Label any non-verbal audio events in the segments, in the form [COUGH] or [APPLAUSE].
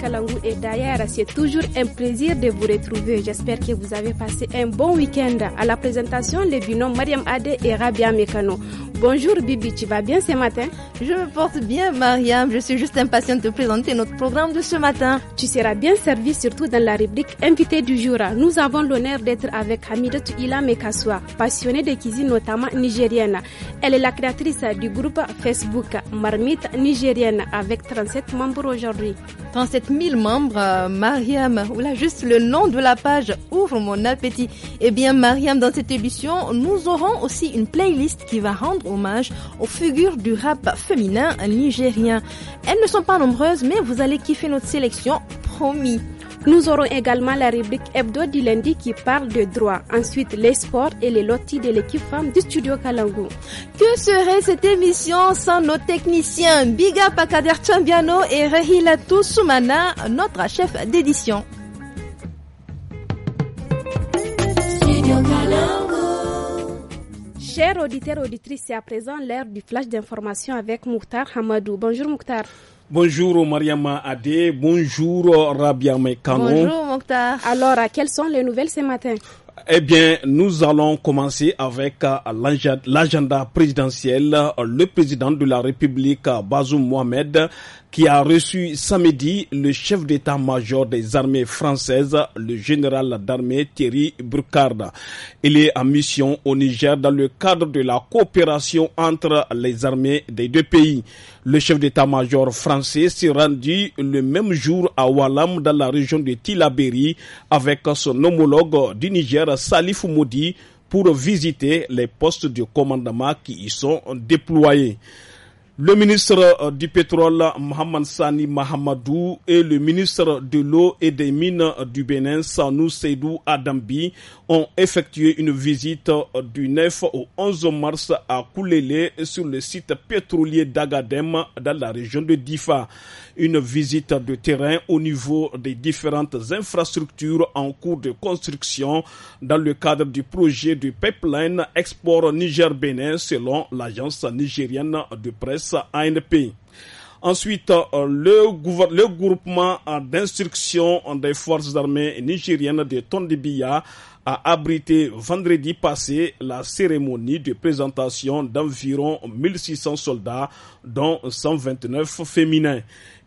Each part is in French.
Kalangu et d'ailleurs, c'est toujours un plaisir de vous retrouver. J'espère que vous avez passé un bon week-end. À la présentation, les binômes Mariam Ade et Rabia Mekano. Bonjour Bibi, tu vas bien ce matin Je me porte bien Mariam, je suis juste impatiente de présenter notre programme de ce matin. Tu seras bien servi surtout dans la rubrique Invité du jour. Nous avons l'honneur d'être avec Hamidot Ilamekaswa, Mekaswa, passionnée de cuisine notamment nigérienne. Elle est la créatrice du groupe Facebook Marmite Nigérienne avec 37 membres aujourd'hui. 37 000 membres, euh, Mariam, voilà juste le nom de la page, ouvre mon appétit. Eh bien Mariam, dans cette émission, nous aurons aussi une playlist qui va rendre hommage aux figures du rap féminin nigérien. Elles ne sont pas nombreuses, mais vous allez kiffer notre sélection, promis. Nous aurons également la rubrique hebdo du lundi qui parle de droit. Ensuite, les sports et les lotis de l'équipe femme du studio Kalango. Que serait cette émission sans nos techniciens Biga Pakader Chambiano et Rehila Soumana, notre chef d'édition? Studio Chers auditeurs, auditrices, c'est à présent l'heure du flash d'information avec Mouktar Hamadou. Bonjour Mouktar. Bonjour Mariama Adé, bonjour Rabia Mekano. Bonjour Mokhtar. Alors, euh, quelles sont les nouvelles ce matin eh bien, nous allons commencer avec euh, l'agenda présidentiel. Le président de la République, euh, Bazoum Mohamed, qui a reçu samedi le chef d'état-major des armées françaises, le général d'armée Thierry Brucard. Il est en mission au Niger dans le cadre de la coopération entre les armées des deux pays. Le chef d'état-major français s'est rendu le même jour à Walam dans la région de Tilaberi avec son homologue du Niger, Salif Moudi, pour visiter les postes de commandement qui y sont déployés. Le ministre euh, du pétrole Mohamed Sani Mahamadou et le ministre de l'eau et des mines du Bénin Sanou Seydou Adambi ont effectué une visite du 9 au 11 mars à Koulélé sur le site pétrolier d'Agadem dans la région de Difa. Une visite de terrain au niveau des différentes infrastructures en cours de construction dans le cadre du projet du pipeline Export Niger-Bénin selon l'agence nigérienne de presse ANP. Ensuite, le, le groupement d'instruction des forces armées nigériennes de Tondibia a abrité vendredi passé la cérémonie de présentation d'environ 1600 soldats, dont 129 féminins.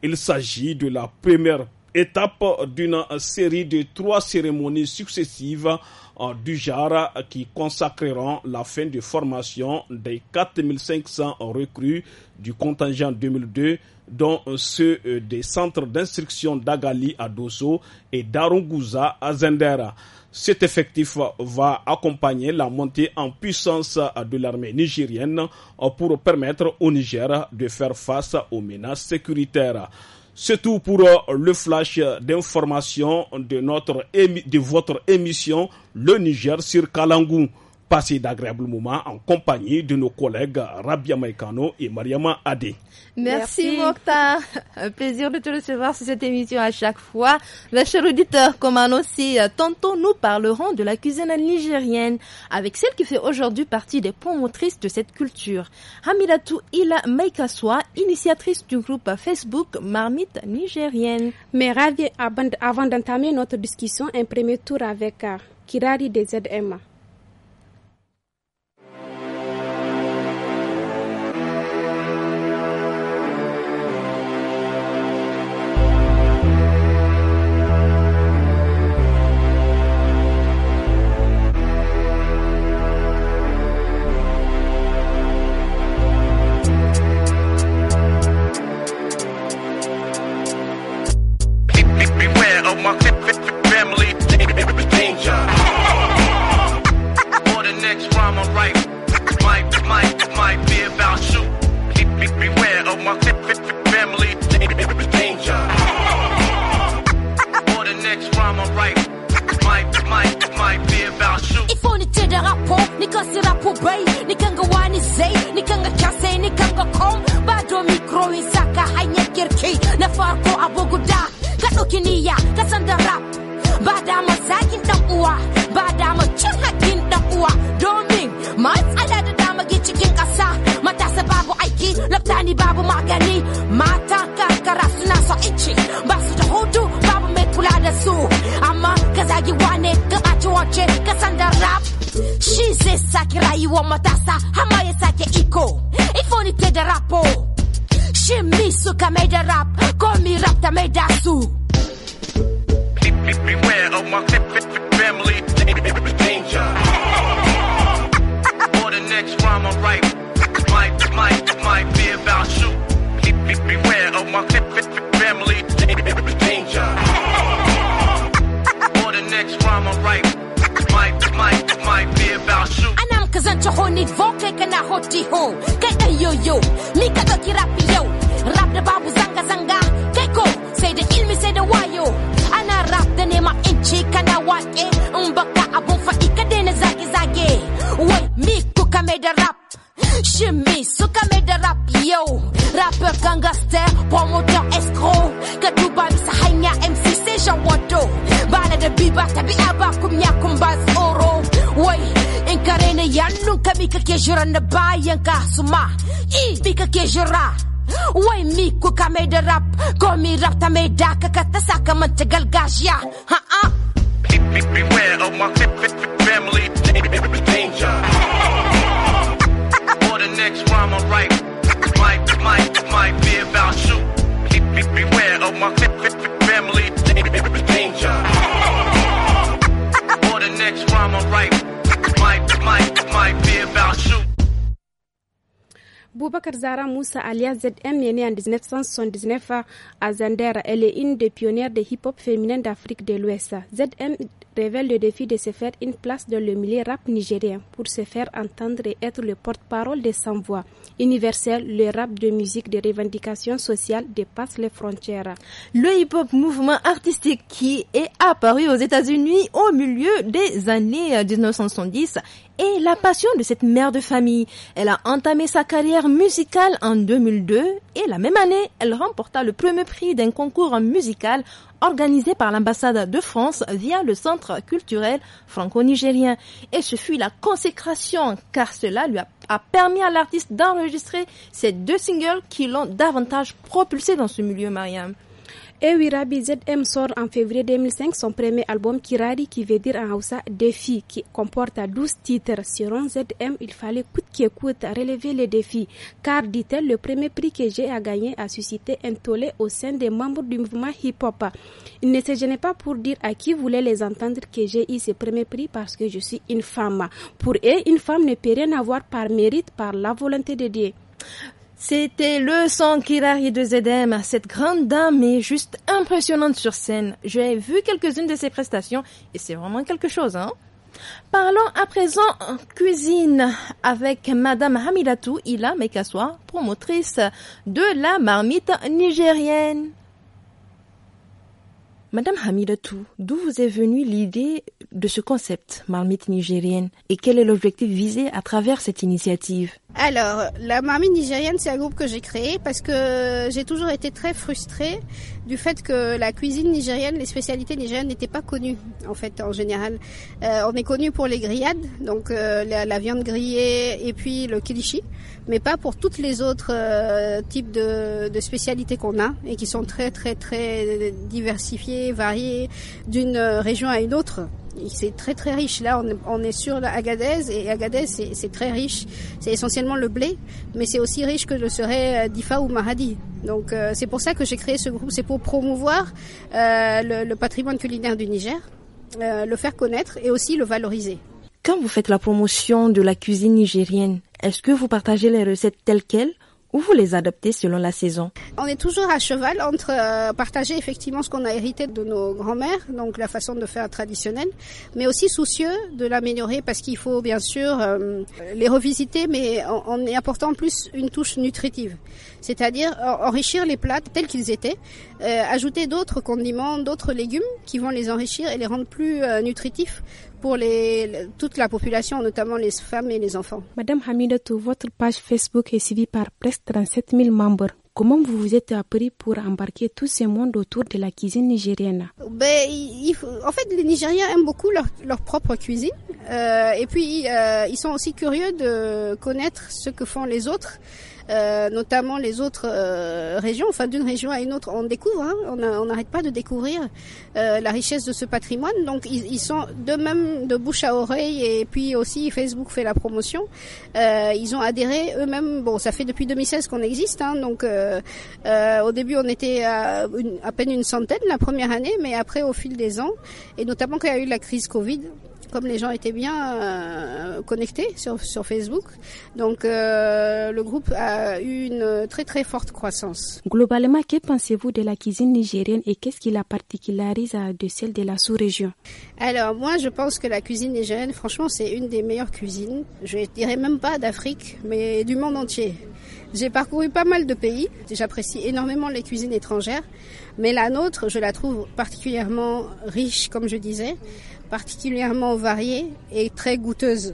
Il s'agit de la première étape d'une série de trois cérémonies successives euh, du genre qui consacreront la fin de formation des 4500 recrues du contingent 2002, dont ceux euh, des centres d'instruction d'Agali à Dosso et d'Arunguza à Zendera. Cet effectif va accompagner la montée en puissance euh, de l'armée nigérienne euh, pour permettre au Niger de faire face aux menaces sécuritaires. C'est tout pour euh, le flash d'information de, notre de votre émission Le Niger sur Kalangou passé d'agréables moments en compagnie de nos collègues Rabia Maïkano et Mariama Adé. Merci, Merci Un plaisir de te recevoir sur cette émission à chaque fois. La chers auditeur, comme annoncé, tantôt nous parlerons de la cuisine nigérienne avec celle qui fait aujourd'hui partie des promotrices de cette culture. Hamidatou Ila Maikaswa, initiatrice du groupe Facebook Marmite Nigérienne. Mais Ravi, avant d'entamer notre discussion, un premier tour avec euh, Kirari des ZMA. hapo nikasirapobei nikangawanizei nikangakasei nikangakom bado mikroin saka hanyakirki na farko aboguda ka ɗauki niyya ka san da rap ba dama zagin dan uwa ba dama cin hakkin dan uwa domin matsala da dama ke cikin ƙasa matasa babu aiki laftani babu magani mata karkara suna so ice ba su da hutu babu mai kula da su amma ka zagi wane ka ɓaci wance ka san rap Shi zai sake matasa hama sake iko ifoni te rapo shi mi rap ko rap ta su Beware of my family danger. the next rhyme I write might, might, might be about you. Beware of my ho nit vo ke kana hoti ho ke e yo yo mi ka to kirapi yo rap da babu zanga zanga ke ko sai da ilmi sai da wayo ana rap da ma in ce kana wake in baka abun faɗi ka zagi zagi. zage wai mi kuka mai da rap Shimmy, suka mai da rap yo Rapper gangster, promoteur escro. Katuba duba bisa hanya MC sai Jean Bala Bana da biba tabi'a ba kumya kumbaza ne yannunka mika ke jira na bayanka su ma i mika ke jira wai mi kuka mai da rap ko mi rap ta mai da ka ta saka manta galgashiya ha'a beware of my family danger For the next rhyme I write might might might be about you beware of my family Boubacar Zara Moussa alias ZM est née en 1979 à Zandera. Elle est une des pionnières de hip-hop féminin d'Afrique de l'Ouest. ZM révèle le défi de se faire une place dans le milieu rap nigérien pour se faire entendre et être le porte-parole des sans-voix. Universel, le rap de musique de revendication sociale dépasse les frontières. Le hip-hop mouvement artistique qui est apparu aux États-Unis au milieu des années 1970 euh, et la passion de cette mère de famille. Elle a entamé sa carrière musicale en 2002 et la même année, elle remporta le premier prix d'un concours musical organisé par l'ambassade de France via le Centre culturel franco-nigérien. Et ce fut la consécration car cela lui a, permis à l'artiste d'enregistrer ces deux singles qui l'ont davantage propulsé dans ce milieu, Mariam. Ewirabi ZM sort en février 2005 son premier album Kirari qui veut dire en Hausa défi qui comporte 12 titres. Sur ZM, il fallait coûte que coûte relever les défis car dit-elle le premier prix que j'ai à gagner a suscité un tollé au sein des membres du mouvement hip-hop. Il ne se gênait pas pour dire à qui voulait les entendre que j'ai eu ce premier prix parce que je suis une femme. Pour eux, une femme ne peut rien avoir par mérite, par la volonté de Dieu. C'était le sang Kirari de Zedem. Cette grande dame est juste impressionnante sur scène. J'ai vu quelques-unes de ses prestations et c'est vraiment quelque chose, hein. Parlons à présent en cuisine avec Madame Hamilatu Ila Mekaswa, promotrice de la marmite nigérienne. Madame Hamidatou, d'où vous est venue l'idée de ce concept marmite nigérienne et quel est l'objectif visé à travers cette initiative Alors, la marmite nigérienne, c'est un groupe que j'ai créé parce que j'ai toujours été très frustrée du fait que la cuisine nigérienne, les spécialités nigériennes n'étaient pas connues en fait en général. Euh, on est connu pour les grillades, donc euh, la, viande grillée et puis le kilishi, mais pas pour toutes les autres euh, types de, spécialités qu'on a et qui sont très très très diversifiées, variées d'une euh, région à une autre. C'est très très riche. Là, on, est sur l'Agadez et Agadez, c'est très riche. C'est essentiellement le blé, mais c'est aussi riche que le serait euh, Difa ou Maradi. Donc c'est pour ça que j'ai créé ce groupe. C'est pour promouvoir le, patrimoine culinaire du Niger, le faire connaître et aussi le valoriser. Quand vous faites la promotion de la cuisine nigérienne, est-ce que vous partagez les recettes telles quelles ou vous les adoptez selon la saison On est toujours à cheval entre euh, partager effectivement ce qu'on a hérité de nos grands-mères, donc la façon de faire traditionnelle, mais aussi soucieux de l'améliorer parce qu'il faut bien sûr euh, les revisiter, mais en, apportant plus une touche nutritive, c'est-à-dire enrichir les plats tels qu'ils étaient, euh, ajouter d'autres condiments, d'autres légumes qui vont les enrichir et les rendre plus nutritifs, pour les, toute la population, notamment les femmes et les enfants. Madame Hamidatou, votre page Facebook est suivie par presque 37 000 membres. Comment vous vous êtes appris pour embarquer tout ce monde autour de la cuisine nigérienne ben, En fait, les Nigériens aiment beaucoup leur, propre cuisine. Euh, et puis, euh, ils sont aussi curieux de connaître ce que font les autres. Euh, notamment les autres euh, régions, enfin d'une région à une autre, on découvre, hein. on n'arrête pas de découvrir euh, la richesse de ce patrimoine. Donc ils, sont de même de bouche à oreille et puis aussi Facebook fait la promotion. ils ont adhéré eux-mêmes. Bon, ça fait depuis 2016 qu'on existe, hein. donc au début on était à, à peine une centaine la première année, mais après au fil des ans et notamment quand il y a eu la crise Covid comme les gens étaient bien euh, connectés sur, Facebook, donc euh, le groupe a eu une très très forte croissance. Globalement, que pensez-vous de la cuisine nigérienne et qu'est-ce qui la particularise euh, de celle de la sous-région Alors moi, je pense que la cuisine nigérienne, franchement, c'est une des meilleures cuisines. Je dirais même pas d'Afrique, mais du monde entier. J'ai parcouru pas mal de pays. J'apprécie énormément les cuisines étrangères, mais la nôtre, je la trouve particulièrement riche, comme je disais particulièrement variée et très goûteuse.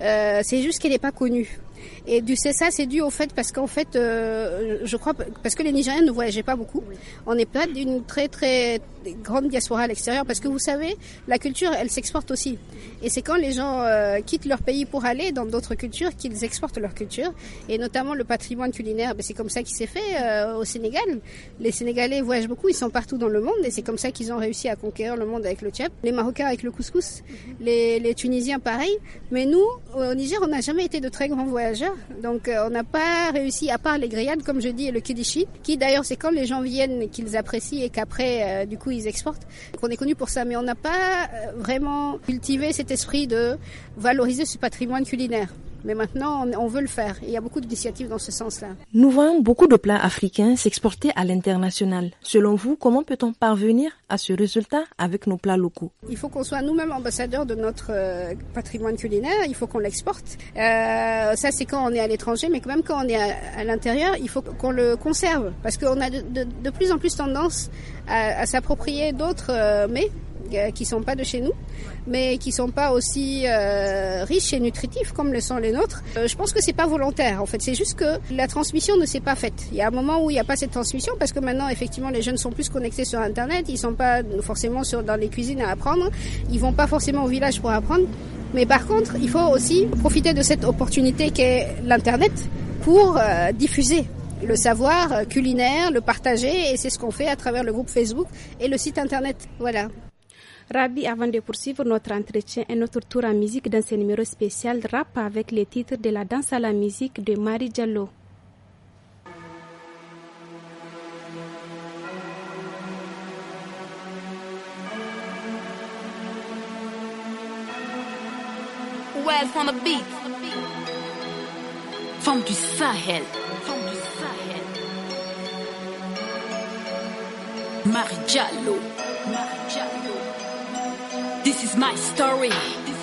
Euh, c'est juste qu'elle n'est pas connue. Et du ça, c'est dû au fait parce qu'en fait, euh, je crois parce que les Nigériens ne voyageaient pas beaucoup. On est pas d'une très très grande diaspora à l'extérieur parce que vous savez, la culture, elle s'exporte aussi. Et c'est quand les gens euh, quittent leur pays pour aller dans d'autres cultures qu'ils exportent leur culture et notamment le patrimoine culinaire. Ben, c'est comme ça qu'il s'est fait euh, au Sénégal. Les Sénégalais voyagent beaucoup, ils sont partout dans le monde et c'est comme ça qu'ils ont réussi à conquérir le monde avec le tchèp. Les Marocains avec le couscous, mhm. les, les Tunisiens pareil. Mais nous, au Niger, on n'a jamais été de très grands voyageurs donc euh, on n'a pas réussi, à part les grillades, comme je dis, et le kidishi, qui d'ailleurs c'est quand les gens viennent qu'ils apprécient et qu'après, euh, du coup, ils exportent, qu'on est connu pour ça. Mais on n'a pas euh, vraiment cultivé cet esprit de valoriser ce patrimoine culinaire. Mais maintenant, on veut le faire. Il y a beaucoup d'initiatives dans ce sens-là. Nous voyons beaucoup de plats africains s'exporter à l'international. Selon vous, comment peut-on parvenir à ce résultat avec nos plats locaux Il faut qu'on soit nous-mêmes ambassadeurs de notre euh, patrimoine culinaire. Il faut qu'on l'exporte. Euh, ça, c'est quand on est à l'étranger, mais quand même quand on est à, l'intérieur, il faut qu'on le conserve parce qu'on a de, plus en plus tendance à, s'approprier d'autres euh, mets euh, qui sont pas de chez nous, mais qui sont pas aussi euh, riches et nutritifs comme le sont les nôtres. Euh, je pense que c'est pas volontaire en fait, c'est juste que la transmission ne s'est pas faite. Il y a un moment où il n'y a pas cette transmission parce que maintenant effectivement les jeunes sont plus connectés sur internet, ils sont pas forcément sur, dans les cuisines à apprendre, ils vont pas forcément au village pour apprendre. Mais par contre, il faut aussi profiter de cette opportunité qu'est l'internet pour diffuser le savoir culinaire, le partager, et c'est ce qu'on fait à travers le groupe Facebook et le site internet. Voilà. Rabi, avant de poursuivre notre entretien et notre tour en musique dans ce numéro spécial rap avec les titres de la danse à la musique de Marie Diallo. Well on the beat. Femme du Sahel. Femme du Sahel. Marie Diallo. Marie Diallo is my story.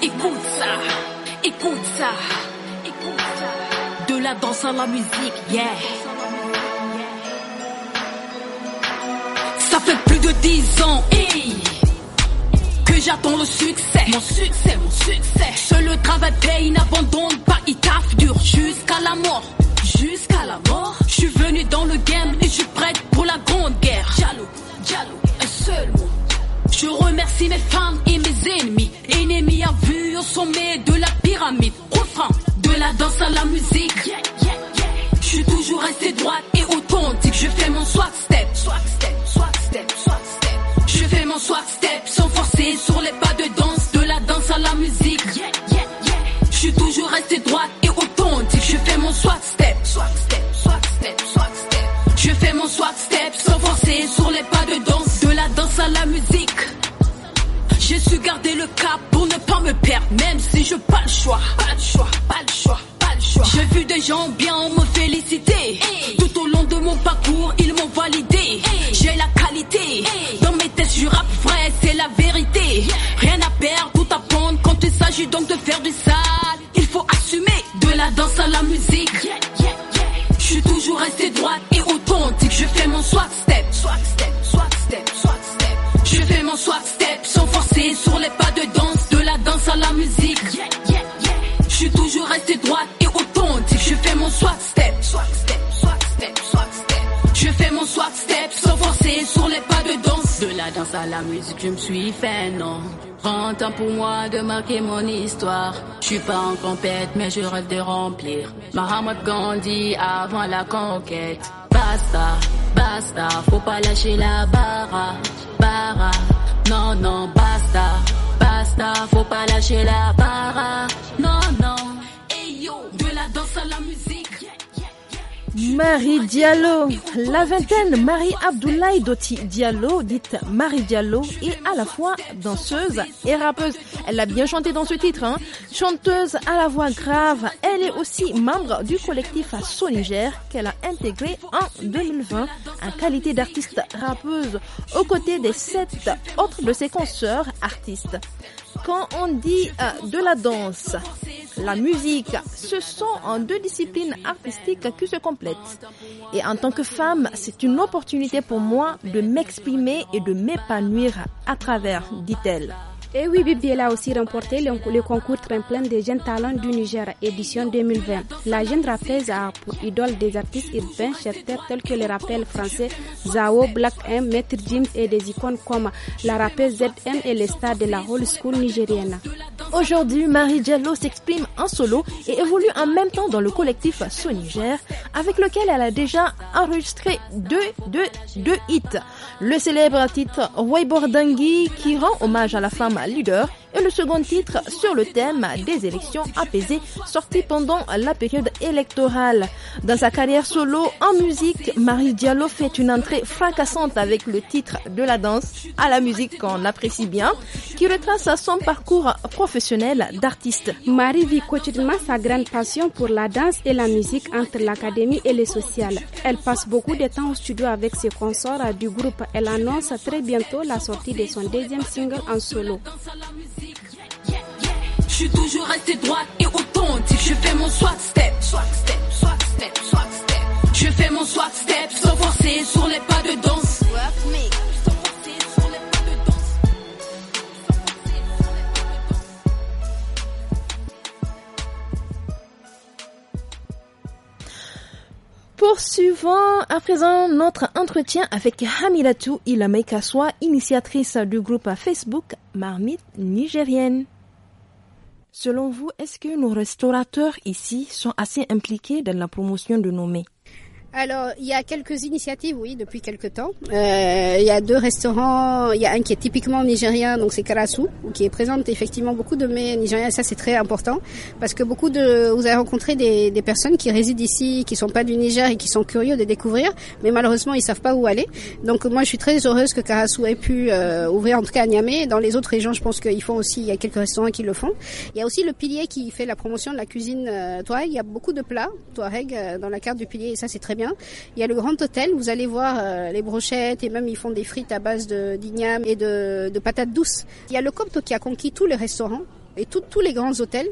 Écoute ça, écoute ça, écoute ça. De la danse à la musique, yeah. Ça fait plus de dix ans, que j'attends le succès. Mon succès, mon succès. Seul le travail paye, n'abandonne pas, il taffe dur jusqu'à la mort. Jusqu'à la mort. Je suis venu dans le game et je la musique. Yeah, yeah, yeah. Je suis toujours resté droite et authentique. Je fais mon swag step, step, step, Je fais mon swag step sans forcer sur les pas de danse, de la danse à la musique. Je suis toujours resté droite et authentique. Je fais mon swag step, step, Je fais mon swag step sans forcer sur les pas de danse, de la danse à la musique. J'ai su garder le cap pour ne pas me perdre, même si je pas le choix gens bien me féliciter Tout au long de mon parcours, ils m'ont validé. la musique, je me suis fait non. Grand temps pour moi de marquer mon histoire. Je suis pas en compète, mais je rêve de remplir. Mahamad Gandhi avant la conquête. Basta, basta, faut pas lâcher la baraque, barra. Non, non, basta, basta, faut pas lâcher la bara Non, non. Hey de la danse à la musique. Marie Diallo, la vingtaine, Marie Abdoulaye Doti Diallo, dite Marie Diallo, est à la fois danseuse et rappeuse. Elle a bien chanté dans ce titre. Hein. Chanteuse à la voix grave, elle est aussi membre du collectif à qu'elle a intégré en 2020 en qualité d'artiste rappeuse aux côtés des sept autres de ses consoeurs artistes. Quand on dit euh, de la danse, la musique, ce sont deux disciplines artistiques qui se complètent. Et en tant que femme, c'est une opportunité pour moi de m'exprimer et de m'épanouir à travers, dit-elle. Et oui, Bibiela a aussi remporté le, concours concours plein des jeunes talents du Niger, édition 2020. La jeune rappeuse a pour idole des artistes urbains chercheurs tels que les rappels français Zao, Black M, Maître Jim et des icônes comme la rappeuse ZM et les stars de la Hall School nigérienne. Aujourd'hui, Marie Jello s'exprime en solo et évolue en même temps dans le collectif So Niger, avec lequel elle a déjà enregistré deux, deux, deux hits. Le célèbre titre Waibor qui rend hommage à la femme Salut et le second titre sur le thème des élections apaisées sorti pendant la période électorale. Dans sa carrière solo en musique, Marie Diallo fait une entrée fracassante avec le titre de la danse à la musique qu'on apprécie bien, qui retrace son parcours professionnel d'artiste. Marie vit quotidiennement sa grande passion pour la danse et la musique entre l'académie et les sociales. Elle passe beaucoup de temps au studio avec ses consorts du groupe. Elle annonce très bientôt la sortie de son deuxième single en solo. Je suis toujours restée droite et authentique. Je fais mon swag step, swag step, swag step, swag step. Je fais mon swag step sans forcer sur les pas de danse. Poursuivons à présent notre entretien avec Hamilatou Ilamekaswa, initiatrice du groupe Facebook Marmite Nigérienne. Selon vous, est-ce que nos restaurateurs ici sont assez impliqués dans la promotion de nos mets alors, il y a quelques initiatives, oui, depuis quelques temps. Euh, il y a deux restaurants. Il y a un qui est typiquement nigérien, donc c'est Karasu, qui est présente effectivement beaucoup de mets nigériens. Ça, c'est très important parce que beaucoup de, vous avez rencontré des, personnes qui résident ici, qui sont pas du Niger et qui sont curieux de découvrir, mais malheureusement, ils savent pas où aller. Donc, moi, je suis très heureuse que Karasu ait pu euh, ouvrir, en tout cas à Niamey. Dans les autres régions, je pense qu'ils font aussi. Il y a quelques restaurants qui le font. Il y a aussi le pilier qui fait la promotion de la cuisine euh, Il y a beaucoup de plats Touareg euh, dans la carte du pilier et ça, c'est très il y a le Grand Hôtel, vous allez voir euh, les brochettes et même ils font des frites à base d'igname et de, patates douces. Il y a le Copte qui a conquis tous les restaurants et tous les grands hôtels.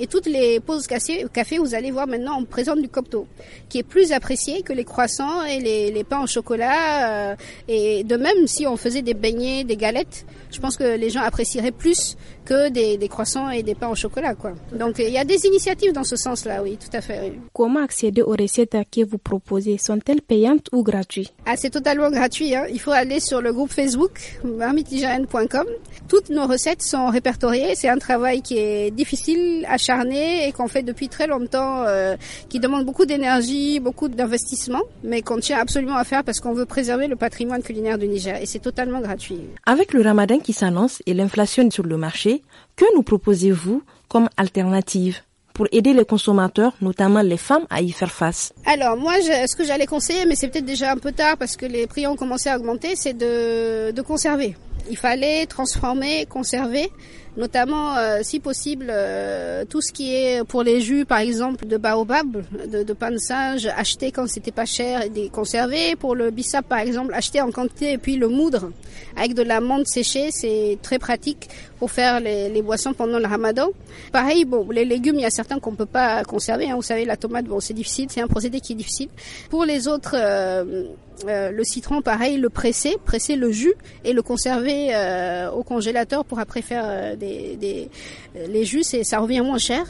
Et toutes les pauses café, vous allez voir maintenant, on présente du copto, qui est plus apprécié que les croissants et les, pains au chocolat. Euh, et de même, si on faisait des beignets, des galettes, je pense que les gens apprécieraient plus que des, croissants et des pains au chocolat. Quoi. Donc il y a des initiatives dans ce sens-là, oui, tout à fait. Comment accéder aux recettes que vous proposez Sont-elles payantes ou gratuites ah, C'est totalement gratuit. Hein. Il faut aller sur le groupe Facebook, marmitijan.com. Toutes nos recettes sont répertoriées. C'est un travail qui est difficile à et qu'on fait depuis très longtemps, euh, qui demande beaucoup d'énergie, beaucoup d'investissement, mais qu'on tient absolument à faire parce qu'on veut préserver le patrimoine culinaire du Niger et c'est totalement gratuit. Avec le ramadan qui s'annonce et l'inflation sur le marché, que nous proposez-vous comme alternative pour aider les consommateurs, notamment les femmes, à y faire face Alors moi, ce que j'allais conseiller, mais c'est peut-être déjà un peu tard parce que les prix ont commencé à augmenter, c'est de, de conserver. Il fallait transformer, conserver notamment euh, si possible euh, tout ce qui est pour les jus par exemple de baobab, de, de pain de singe, acheté quand c'était pas cher et conservé, pour le bissap par exemple, acheté en quantité et puis le moudre avec de la menthe séchée, c'est très pratique pour faire les, boissons pendant le ramadan. Pareil, bon, les légumes, il y a certains qu'on peut pas conserver. Hein. Vous savez, la tomate, bon, c'est difficile, c'est un procédé qui est difficile. Pour les autres, euh, euh, le citron, pareil, le presser, presser le jus et le conserver euh, au congélateur pour après faire les jus, et ça revient moins cher.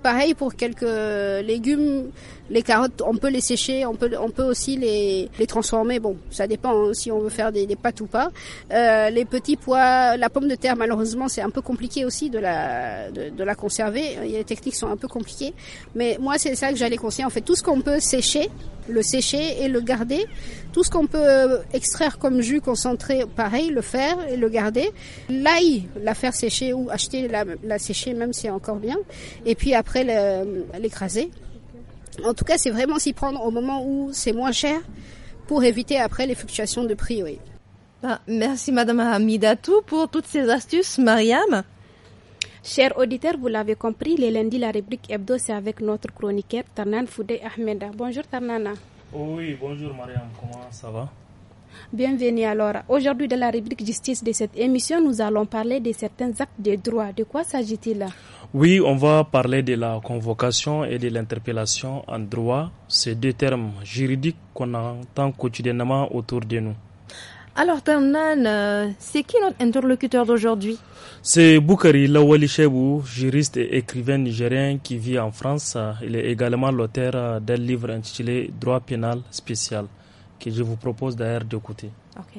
pareil pour quelques légumes. Les carottes, on peut les sécher, on peut, on peut aussi les, les transformer. Bon, ça dépend hein, si on veut faire des, des pâtes ou pas. Euh, les petits pois, la pomme de terre, malheureusement, c'est un peu compliqué aussi de la, de, de, la conserver. Euh, les techniques sont un peu compliquées. Mais moi, c'est ça que j'allais conseiller. En fait, tout ce qu'on peut sécher, le sécher et le garder. Tout ce qu'on peut extraire comme jus concentré, pareil, le faire et le garder. L'ail, la faire sécher ou acheter la, la sécher, même si c'est encore bien. Et puis après, l'écraser en tout cas, c'est vraiment s'y prendre au moment où c'est moins cher pour éviter après les fluctuations de prix. Bah, merci Madame Hamidatou pour toutes ces astuces, Mariam. Chers auditeurs, vous l'avez compris, les lundis, la rubrique hebdo, c'est avec notre chroniqueur Tarnan Foudé Ahmeda. Bonjour Tarnana. Oh oui, bonjour Mariam, comment ça va Bienvenue alors. Aujourd'hui, dans la rubrique justice de cette émission, nous allons parler de certains actes de droit. De quoi s'agit-il oui, on va parler de la convocation et de l'interpellation en droit, ces deux termes juridiques qu'on entend quotidiennement autour de nous. Alors, Ternan, euh, c'est qui notre interlocuteur d'aujourd'hui C'est Boukari Lawali juriste et écrivain nigérien qui vit en France. Il est également l'auteur d'un livre intitulé Droit pénal spécial, que je vous propose d'ailleurs d'écouter.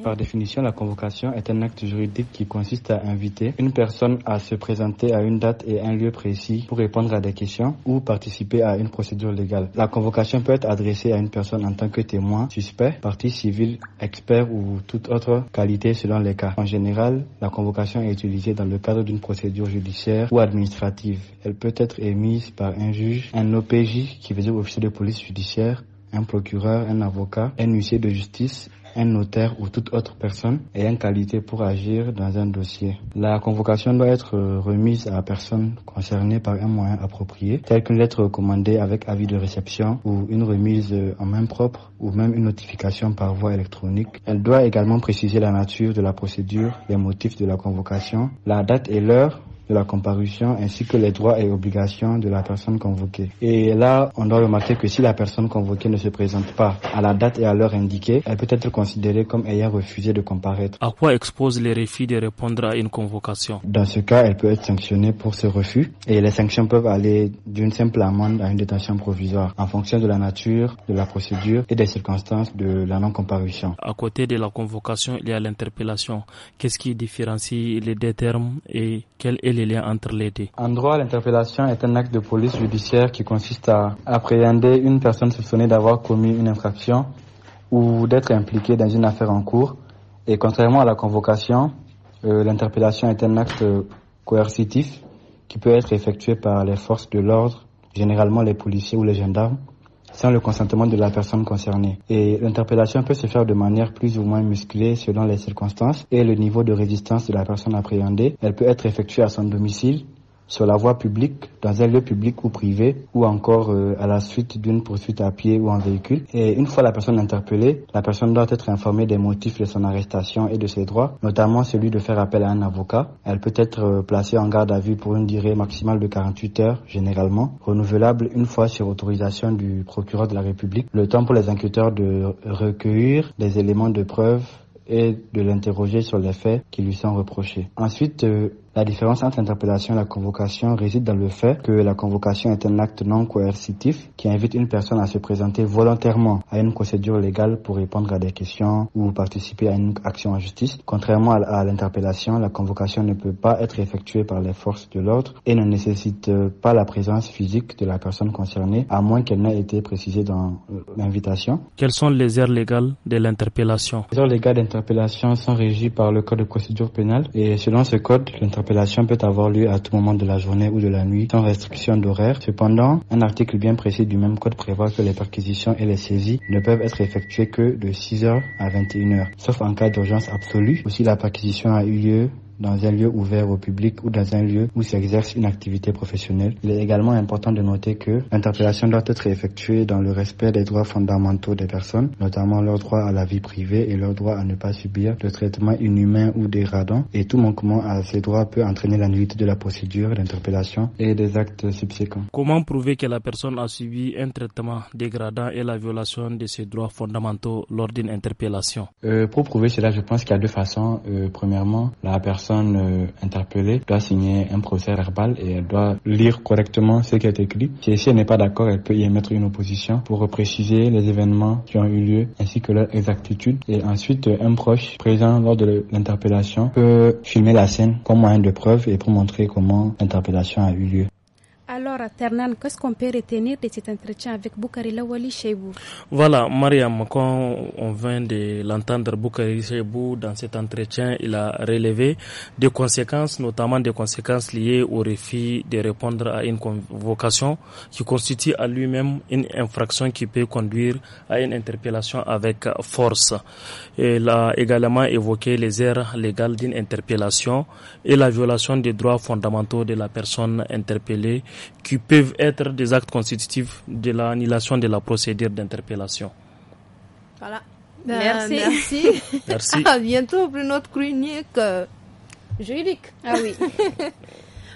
Par définition, la convocation est un acte juridique qui consiste à inviter une personne à se présenter à une date et un lieu précis pour répondre à des questions ou participer à une procédure légale. La convocation peut être adressée à une personne en tant que témoin, suspect, partie civile, expert ou toute autre qualité selon les cas. En général, la convocation est utilisée dans le cadre d'une procédure judiciaire ou administrative. Elle peut être émise par un juge, un OPJ qui veut dire officier de police judiciaire, un procureur, un avocat, un huissier de justice, un notaire ou toute autre personne ayant qualité pour agir dans un dossier. La convocation doit être euh, remise à la personne concernée par un moyen approprié, tel qu'une lettre recommandée avec avis de réception ou une remise euh, en main propre ou même une notification par voie électronique. Elle doit également préciser la nature de la procédure, les motifs de la convocation, la date et l'heure de la comparution ainsi que les droits et obligations de la personne convoquée. Et là, on doit remarquer que si la personne convoquée ne se présente pas à la date et à l'heure indiquée, elle peut être considérée comme ayant refusé de comparaître. À quoi expose les refus de répondre à une convocation Dans ce cas, elle peut être sanctionnée pour ce refus et les sanctions peuvent aller d'une simple amende à une détention provisoire en fonction de la nature, de la procédure et des circonstances de la non-comparution. À côté de la convocation, il y a l'interpellation. Qu'est-ce qui différencie les deux termes et quel est entre En droit, l'interpellation est un acte de police judiciaire qui consiste à appréhender une personne soupçonnée d'avoir commis une infraction ou d'être impliquée dans une affaire en cours. Et contrairement à la convocation, euh, l'interpellation est un acte coercitif qui peut être effectué par les forces de l'ordre, généralement les policiers ou les gendarmes, sans le consentement de la personne concernée. Et l'interpellation peut se faire de manière plus ou moins musclée selon les circonstances et le niveau de résistance de la personne appréhendée. Elle peut être effectuée à son domicile, sur la voie publique, dans un lieu public ou privé, ou encore euh, à la suite d'une poursuite à pied ou en véhicule. Et une fois la personne interpellée, la personne doit être informée des motifs de son arrestation et de ses droits, notamment celui de faire appel à un avocat. Elle peut être euh, placée en garde à vue pour une durée maximale de 48 heures, généralement, renouvelable une fois sur autorisation du procureur de la République. Le temps pour les enquêteurs de recueillir des éléments de preuve et de l'interroger sur les faits qui lui sont reprochés. Ensuite, euh, la différence entre l'interpellation et la convocation réside dans le fait que la convocation est un acte non coercitif qui invite une personne à se présenter volontairement à une procédure légale pour répondre à des questions ou participer à une action en justice. Contrairement à l'interpellation, la convocation ne peut pas être effectuée par les forces de l'ordre et ne nécessite pas la présence physique de la personne concernée à moins qu'elle n'ait été précisée dans euh, l'invitation. Quelles sont les aires légales de l'interpellation Les aires légales d'interpellation sont régies par le Code de procédure pénale et selon ce code, l'interpellation perquisition peut avoir lieu à tout moment de la journée ou de la nuit, sans restriction d'horaire. Cependant, un article bien précis du même code prévoit que les perquisitions et les saisies ne peuvent être effectuées que de 6h à 21h, sauf en cas d'urgence absolue. Aussi, la perquisition a eu lieu dans un lieu ouvert au public ou dans un lieu où s'exerce une activité professionnelle. Il est également important de noter que l'interpellation doit être effectuée dans le respect des droits fondamentaux des personnes, notamment leur droit à la vie privée et leur droit à ne pas subir de traitement inhumain ou dégradant. Et tout manquement à ces droits peut entraîner la nullité de la procédure d'interpellation et des actes subséquents. Comment prouver que la personne a subi un traitement dégradant et la violation de ses droits fondamentaux lors d'une interpellation euh, Pour prouver cela, je pense qu'il y a deux façons. Euh, premièrement, la personne personne euh, interpellée doit signer un procès verbal et elle doit lire correctement ce qui est écrit. Si, si elle n'est pas d'accord, elle peut y émettre une opposition pour préciser les événements qui ont eu lieu ainsi que leur exactitude. Et ensuite, euh, un proche présent lors de l'interpellation peut filmer la scène comme moyen de preuve et pour montrer comment l'interpellation a eu lieu. Alors, Ternan, qu'est-ce qu'on peut retenir de cet entretien avec Boukari Wali Cheibou Voilà, Mariam, quand on vient de l'entendre, Boukari Cheibou, dans cet entretien, il a relevé des conséquences, notamment des conséquences liées au refus de répondre à une convocation qui constitue à lui-même une infraction qui peut conduire à une interpellation avec force. Il a également évoqué les erreurs légales d'une interpellation et la violation des droits fondamentaux de la personne interpellée qui peuvent être des actes constitutifs de l'annulation de la procédure d'interpellation. Voilà. Ben, merci. merci. [LAUGHS] merci. À bientôt pour notre chronique euh, juridique. Ah oui. [LAUGHS]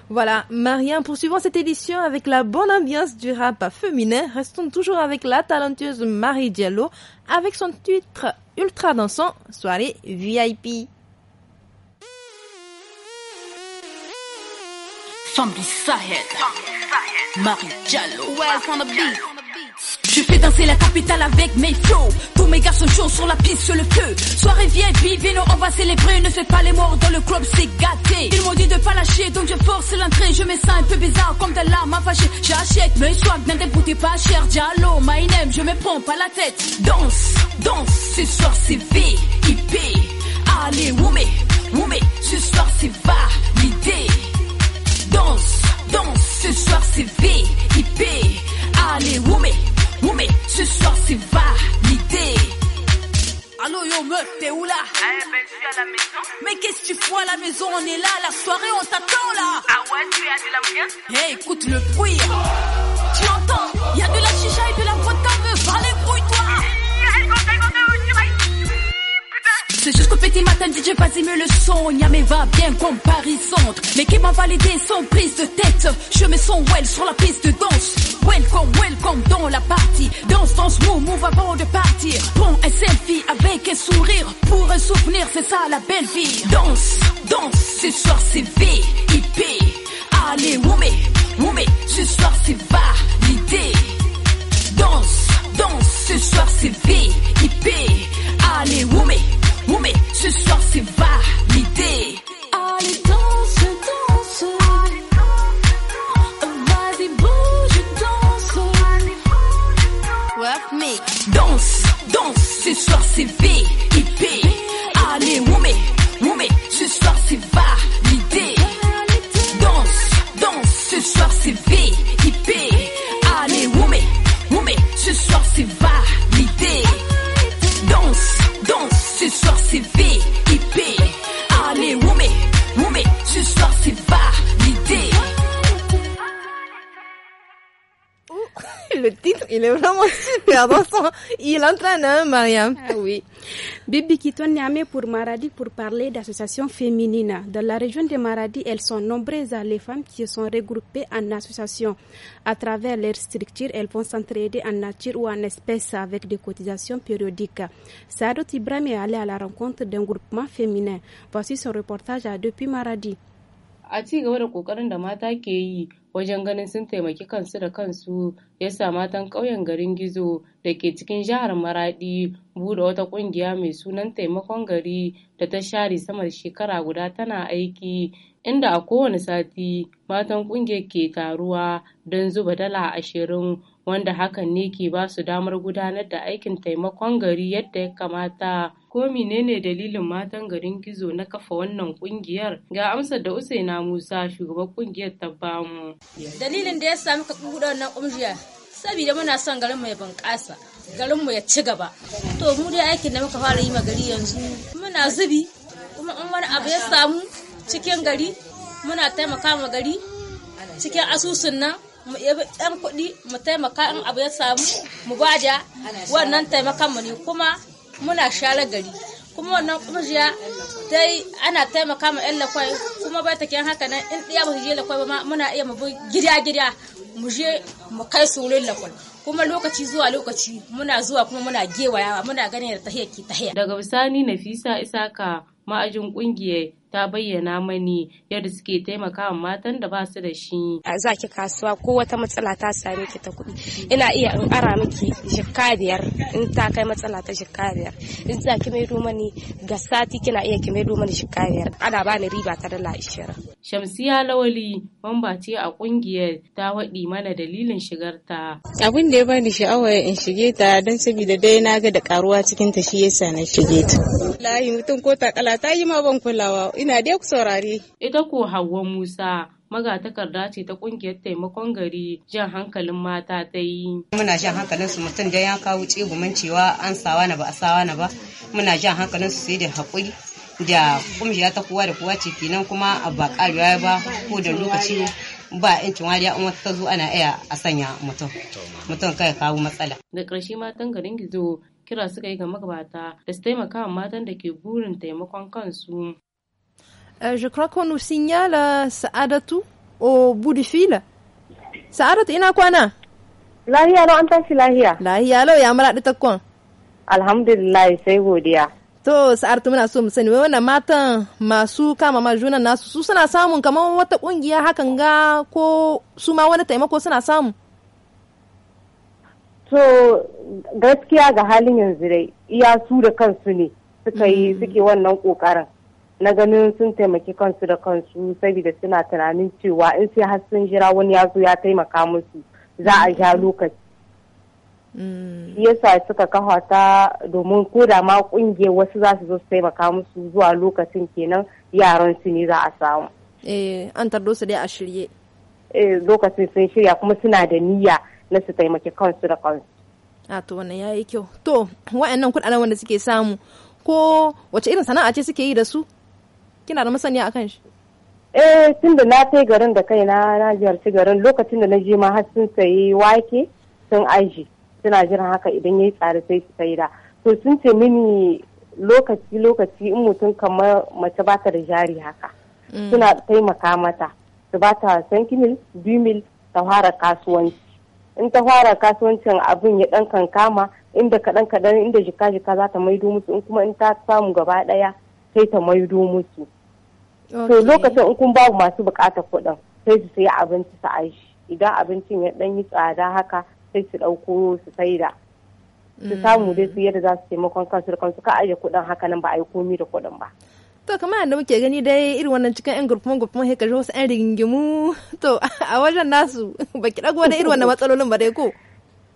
Voilà, Marianne, poursuivons cette édition avec la bonne ambiance du rap féminin. Restons toujours avec la talentueuse Marie Diallo avec son titre ultra dansant, soirée VIP. Zombie Sahel. Marie Diallo. on the beat. Je fais danser la capitale avec mes flows Tous mes gars sont chauds sur la piste, sur le feu. Soirée vive bivino, on va célébrer. Ne fais pas les morts dans le club, c'est gâté. Ils m'ont dit de pas lâcher, donc je force l'entrée. Je me sens un peu bizarre, comme des larmes fâché J'achète mes swag, dans des pas cher Diallo, my name, je me pompe à la tête. Danse, danse, ce soir c'est VIP. Allez, woumé, woumé, ce soir c'est validé. Danse. Ce soir c'est VIP. Allez, woumé, woumé. Ce soir c'est validé. Allo yo meuf, t'es où là Eh ben tu es à la maison. Mais qu'est-ce que tu fous à la maison On est là, la soirée on t'attend là. Ah ouais, tu as de la Eh écoute le bruit. Tu entends Y'a y a de la chicha et de la vodka meuf. Allez, brouille-toi. C'est jusqu'au petit matin, DJ pas mieux le son. Niamé va bien comme Paris centre. qui m'a validé sans prise de tête. Je me sens well sur la piste de danse. Welcome, welcome dans la partie. Danse, danse, move, move avant de partir. Bon un selfie avec un sourire. Pour un souvenir, c'est ça la belle vie. Danse, danse, ce soir c'est VIP. Allez, woumé, woumé, ce soir c'est validé. Danse, danse, ce soir c'est VIP. Allez, woumé. Oh ce soir c'est validé. Allez danse, danse. Oh, vas-y bouge, danse. Work me. Danse, danse, ce soir c'est VIP. Allez oh mais, ce soir c'est validé. Danse, danse, ce soir c'est VIP. Il est vraiment [LAUGHS] super Il entraîne hein, Mariam. Ah oui. Bibi Kiton Niamé pour Maradi pour parler d'associations féminines. Dans la région de Maradi, elles sont nombreuses les femmes qui sont regroupées en associations. À travers leurs structures, elles vont s'entraider en nature ou en espèces avec des cotisations périodiques. Sadot Ibrahim est allé à la rencontre d'un groupement féminin. Voici son reportage à Depuis Maradi. wajen ganin sun taimaki kansu da kansu ya sa matan ƙauyen garin gizo da ke cikin jihar maradi buɗe wata ƙungiya mai sunan taimakon gari da ta share samar shekara guda tana aiki inda a kowane sati matan ƙungiyar ke taruwa don zuba dala ashirin wanda hakan ne ke ba su damar gudanar da aikin taimakon gari yadda ya kamata. Ko menene dalilin matan garin Gizo na kafa wannan kungiyar? Ga amsar da Usaina Musa shugaban kungiyar ta bamu. Dalilin da ya sami ka kuɗa wannan kungiya saboda muna son garin mu ya bunƙasa, garin mu ya ci gaba. To mu dai aikin da muka fara yi ma gari yanzu muna zubi kuma in wani abu ya samu cikin gari muna taimaka ma gari cikin asusun nan mu yabi ɗan kuɗi mu taimaka in abu ya samu mu bada wannan taimakan mu ne kuma muna share gari kuma wannan kungiya dai ana taimaka ma yan lakwai kuma bai take haka nan in ɗiya ba su je lakwai ba muna iya mu bi gida gida mu je mu kai su wurin lakwai kuma lokaci zuwa lokaci muna zuwa kuma muna gewayawa muna ganin da tahiyar ki tahiya daga bisani nafisa isaka ma'ajin kungiyar ta bayyana mani yadda suke taimakawa matan da ba su da shi. Za ki kasuwa ko wata matsala ta same ki ta kuɗi. Ina iya in ara miki shikka biyar in ta kai matsala ta shikka biyar. In za ki maido mani ga sati kina iya ki maido mani shikka biyar. Ana bani riba ta dala ashirin. Shamsiyya Lawali mamba ce a kungiyar ta waɗi mana dalilin shigarta. ta. Abin da ya bani sha'awa in shige ta don saboda dai na ga da karuwa cikin ta shi yasa na shige ta. Lahi mutum ko takala ta yi ma ban kulawa ina dai ku saurare. Ita ko Hauwa Musa magatakarda ce ta kungiyar taimakon gari jan hankalin mata ta yi. Muna jan hankalin su mutum dai ya kawo tsegumin cewa an sawa na ba a sawa na ba muna jan hankalin su sai da haƙuri da kungiya ta kowa da kowa ce kenan kuma ba karewa ba ko da lokaci ba yancin wariya in wata ta zo ana iya a sanya mutum mutum kai kawo matsala da ƙarshe matan garin gizo kira suka yi ga magabata da su taimaka matan da ke burin taimakon kansu eh, je crois qu'on nous signale Sa'adatu au bout du fil Sa'adatu ina kwana lahiya lo an tashi lahiya lahiya lo ya mara ta kwan alhamdulillah sai godiya To sa'artu muna so mu sani wani wannan matan masu kama ma junan nasu su suna samun kamar wata kungiya hakan ga ko su ma wani taimako suna samu. To gaskiya ga halin yanzu dai iya su da kansu ne suka yi mm. suke wannan kokarin na ganin sun taimaki kansu da kansu saboda suna tunanin cewa in sai har sun jira wani ya zo ya taimaka musu za a ja mm. lokaci. Mm. shi yasa suka kafa ta domin ko da ma kungiyar wasu za su zo su taimaka musu zuwa lokacin kenan yaran su ne za a samu eh an tardo su dai a shirye eh lokacin sun shirya kuma suna da niyya na su taimaki kansu da kansu a ah, to wannan yayi kyau to wa'annan kudaden wanda suke samu ko wace irin sana'a ce suke yi da su kina da masaniya akan shi eh tun da na kai garin da kaina na ziyarci garin lokacin da na je ma har sun sayi wake sun aji suna jiran haka idan ya yi tsari sai su da to sun ce mini lokaci lokaci in mutum kamar mace ba ta da jari haka mm. suna taimaka mata su ba ta biyu bimil ta fara kasuwanci in ta fara kasuwancin abin ya dan kankama inda kadan kadan inda jika jika za ta maido musu in kuma in ta samu gaba ɗaya sai ta maido musu to lokacin in kun babu masu bukatar kuɗin sai su sayi abinci su aishi idan abincin ya dan yi tsada haka sai su ɗauko su saida su mm. samu dai su yadda za su taimakon kansu da kansu ka aje kuɗin haka nan ba a yi komi da kuɗin ba. to kamar yadda muke gani dai irin wannan cikin yan gurfin gurfin sai kaje wasu yan rigingimu [LAUGHS] to a wajen nasu baki dago da irin wannan matsalolin ba dai ko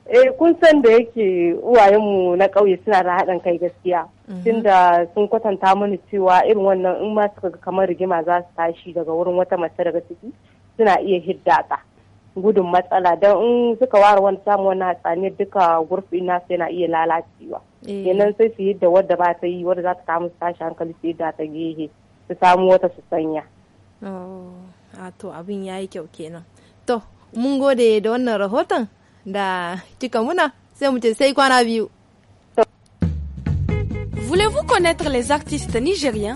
eh kun san da yake uwayenmu na ƙauye suna da haɗin kai gaskiya mm-hmm. tunda sun kwatanta mini cewa irin wannan in ma suka ga kamar rigima za su tashi daga wurin wata mace daga ciki suna iya hiddata gudun matsala don in suka ware wani samu wani hatsaniyar duka gurfi nasu yana iya lalacewa eh. kenan sai su da wadda ba ta yi wadda za ta samu su tashi hankali su da ta gehe su samu wata su sanya. Oh, a to abin ya yi kyau kenan to mun gode da wannan rahoton da kika muna sai mu ce sai kwana biyu. Voulez-vous connaître les artistes nigériens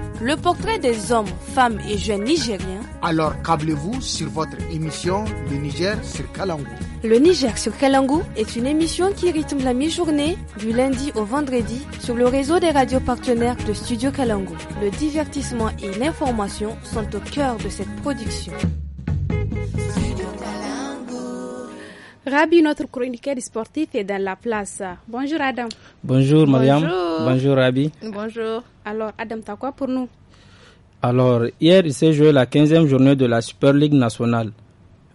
le portrait des hommes, femmes et jeunes nigériens. Alors câblez-vous sur votre émission Le Niger sur Kalangou. Le Niger sur Kalangou est une émission qui rythme la mi-journée du lundi au vendredi sur le réseau des radios partenaires de Studio Kalangou. Le divertissement et l'information sont au cœur de cette production. Rabi, notre chroniqueur sportif, est dans la place. Bonjour Adam. Bonjour Mariam. Bonjour, Bonjour Rabi. Bonjour. Alors Adam, t'as quoi pour nous alors, hier, il s'est joué la 15e journée de la Super League nationale.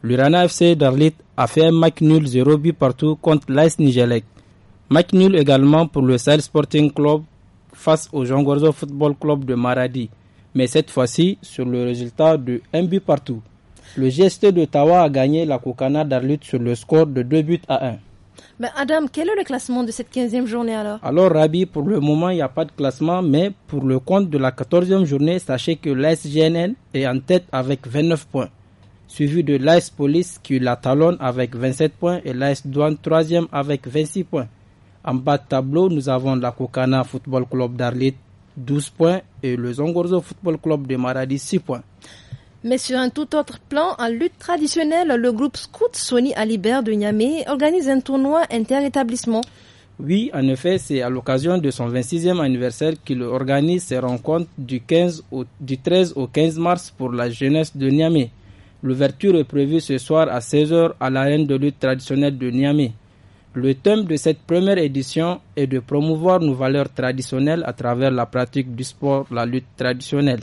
L'Urana FC d'Arlit a fait un match nul 0 but partout contre l'AS Nigelec. Match nul également pour le Sahel Sporting Club face au Jean Football Club de Maradi, mais cette fois-ci sur le résultat de 1 but partout. Le GST d'Ottawa a gagné la Koukana d'Arlit sur le score de 2 buts à 1. Mais Adam, quel est le classement de cette 15e journée alors Alors Rabi, pour le moment, il n'y a pas de classement, mais pour le compte de la 14e journée, sachez que l'ASGNN est en tête avec 29 points, suivi de l'AS Police qui la talonne avec 27 points et l'AS Douane 3e avec 26 points. En bas de tableau, nous avons la Kokana Football Club d'Arlit 12 points et le Zongorzo Football Club de Maradi 6 points. Mais sur un tout autre plan, en lutte traditionnelle, le groupe scout Sony Alibert de Niamey organise un tournoi inter-établissement. Oui, en effet, c'est à l'occasion de son 26e anniversaire qu'il organise ses rencontres du, du 13 au 15 mars pour la jeunesse de Niamey. L'ouverture est prévue ce soir à 16h à l'arène de lutte traditionnelle de Niamey. Le thème de cette première édition est de promouvoir nos valeurs traditionnelles à travers la pratique du sport, la lutte traditionnelle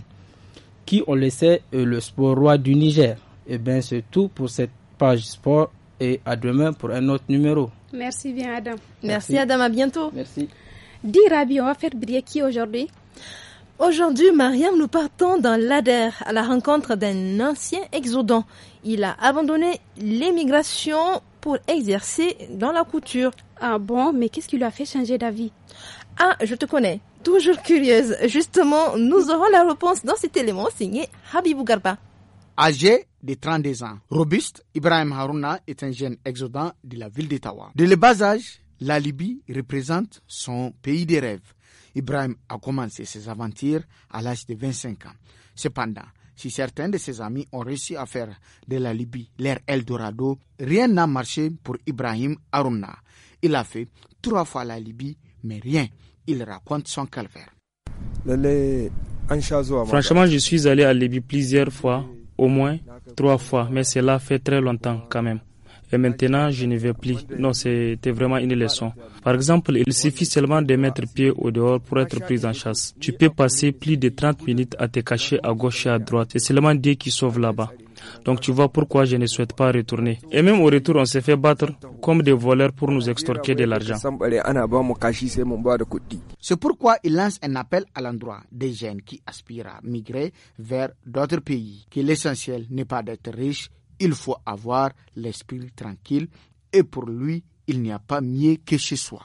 qui, on le le sport roi du Niger. Et eh bien, c'est tout pour cette page sport et à demain pour un autre numéro. Merci bien, Adam. Merci, Adam, à bientôt. Merci. Dis, Rabi, on va faire briller aujourd'hui Aujourd'hui, Mariam, nous partons dans l'ADER à la rencontre d'un ancien exodant. Il a abandonné l'émigration pour exercer dans la couture. Ah bon, mais qu'est-ce qui lui a fait changer d'avis Ah, je te connais toujours curieuse. Justement, nous aurons la réponse dans cet élément signé Habibou Garba. Âgé de 32 ans, robuste, Ibrahim Harouna est un jeune exodant de la ville d'Etawa. Dès le bas âge, la Libye représente son pays des rêves. Ibrahim a commencé ses aventures à l'âge de 25 ans. Cependant, si certains de ses amis ont réussi à faire de la Libye leur Eldorado, rien n'a marché pour Ibrahim Harouna. Il a fait trois fois la Libye, mais rien il raconte son calvaire. Franchement, je suis allé à Libye plusieurs fois, au moins trois fois, mais cela fait très longtemps quand même. Et maintenant, je ne vais plus. Non, c'était vraiment une leçon. Par exemple, il suffit seulement de mettre pied au dehors pour être pris en chasse. Tu peux passer plus de 30 minutes à te cacher à gauche et à droite. C'est seulement Dieu qui sauve là-bas. Donc tu vois pourquoi je ne souhaite pas retourner. Et même au retour, on s'est fait battre comme des voleurs pour nous extorquer de l'argent. C'est pourquoi il lance un appel à l'endroit des jeunes qui aspirent à migrer vers d'autres pays, que l'essentiel n'est pas d'être riche, il faut avoir l'esprit tranquille et pour lui, il n'y a pas mieux que chez soi.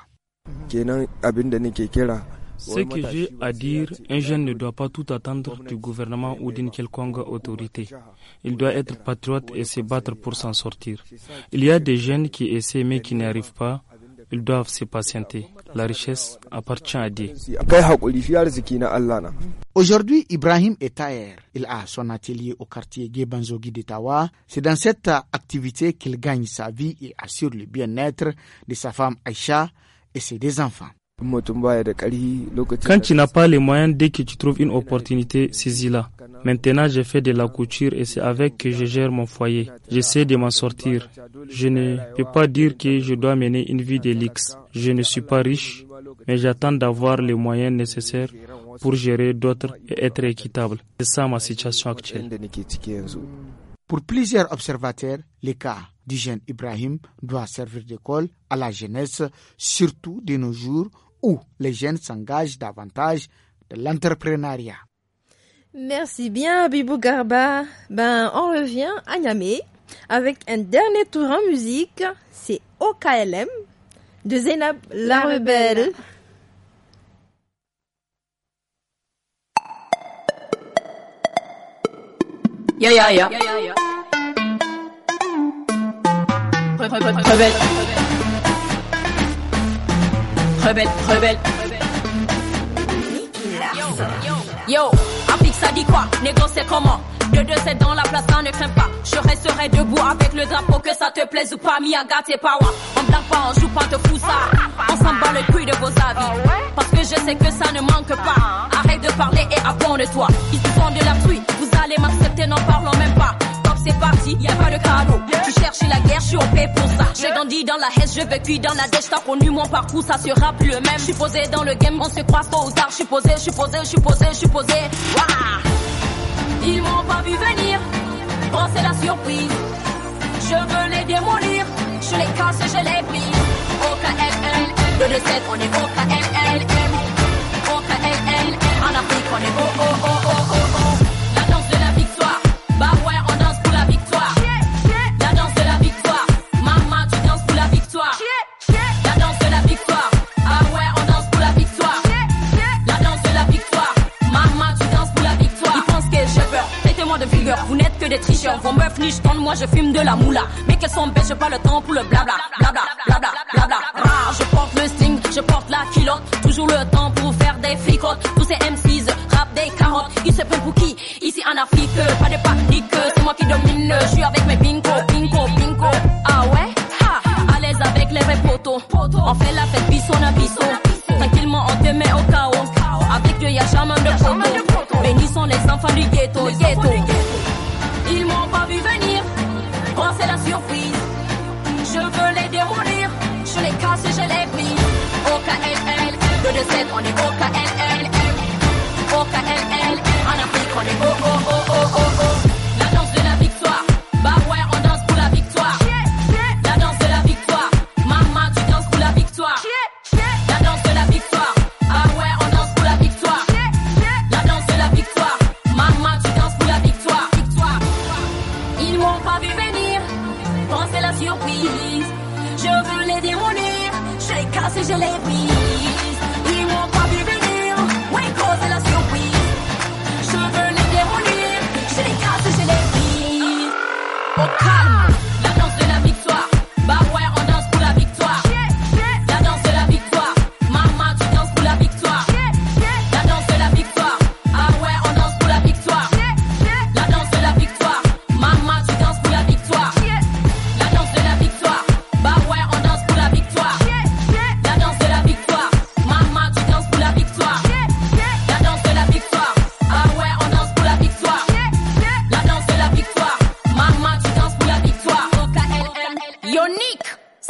Ce que j'ai à dire, un jeune ne doit pas tout attendre du gouvernement ou d'une quelconque autorité. Il doit être patriote et se battre pour s'en sortir. Il y a des jeunes qui essaient mais qui n'y arrivent pas. Ils doivent se patienter. La richesse appartient à Dieu. Aujourd'hui, Ibrahim est tailleur. Il a son atelier au quartier Gebanzogi d'Etawa. C'est dans cette activité qu'il gagne sa vie et assure le bien-être de sa femme Aïcha et ses deux enfants. Quand tu n'as pas les moyens, dès que tu trouves une opportunité, saisis-la. Maintenant, j'ai fait de la couture et c'est avec que je gère mon foyer. J'essaie de m'en sortir. Je ne peux pas dire que je dois mener une vie d'élix. Je ne suis pas riche, mais j'attends d'avoir les moyens nécessaires pour gérer d'autres et être équitable. C'est ça ma situation actuelle. Pour plusieurs observateurs, le cas du jeune Ibrahim doit servir d'école à la jeunesse, surtout de nos jours où les jeunes s'engagent davantage de l'entrepreneuriat. Merci bien, Bibou Garba. Ben, on revient à Niamey avec un dernier tour en musique. C'est OKLM de Zénab La, Rebelle. Rebelle rebelle, rebelle. Yo, yo, yo, Afrique ça dit quoi Négocier comment De deux c'est dans la place, ça ne crains pas. Je resterai debout avec le drapeau, que ça te plaise ou pas. Miyaga, t'es pas On blague pas, on joue pas, te fous ça. On s'en bat le cul de vos avis. Ah Parce que je sais que ça ne manque pas. Ah. Arrête de parler et de toi Ils se font de la pluie, vous allez m'accepter, n'en parlons même pas c'est parti, y a pas de cadeau. Tu cherches la guerre, je suis au paix pour ça. J'ai grandi dans la haine, je vécu dans la déche, t'as connu mon parcours, ça sera plus le même. Je suis posé dans le game, on se croise tôt ou tard. Je suis posé, je suis posé, je suis posé, je suis posé. Wow. Ils m'ont pas vu venir, oh c'est la surprise. Je veux les démolir, je les casse et je les brise OKLL, le 7 on est OKLL OKLL, en Afrique, on est O, O, O, O. des tricheurs. Vos meufs niche moi je fume de la moula. Mais qu'elles sont bêtes, j'ai pas le temps pour le blabla. Blabla, blabla, blabla. Rare, je porte le sting, je porte la culotte. Toujours le temps pour faire des fricottes. Tous ces MCs rap des carottes. Ils se prennent pour qui Ici en Afrique, pas de panique. C'est moi qui domine, je suis avec mes bingo, bingo, bingo. Ah ouais ha. À l'aise avec les vrais potos. On fait la fête, bisson à bisson. Tranquillement, on te met au chaos. Avec Dieu, y'a jamais de proto. Bénissons les enfants du ghetto, ghetto. set on the LL.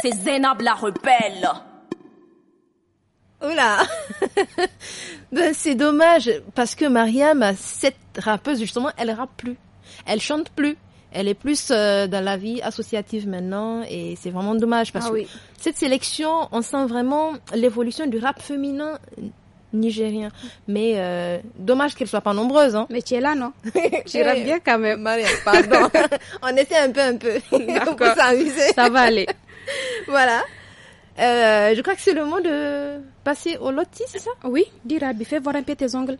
C'est Zénab la rebelle. Oula [LAUGHS] ben, C'est dommage, parce que Mariam, cette rappeuse, justement, elle rappe plus. Elle chante plus. Elle est plus euh, dans la vie associative maintenant et c'est vraiment dommage parce ah que cette sélection, on sent vraiment l'évolution du rap féminin nigérien. Mais euh, dommage qu'elle soit pas nombreuse. Hein. Mais tu es là, non [LAUGHS] rappes bien quand même. Mariam, pardon. [LAUGHS] on était un peu, un peu. D'accord. Ça va aller. [LAUGHS] voilà. Euh, je crois que c'est le moment de passer au loti, c'est ça Oui, Dire à fais voir un peu tes ongles.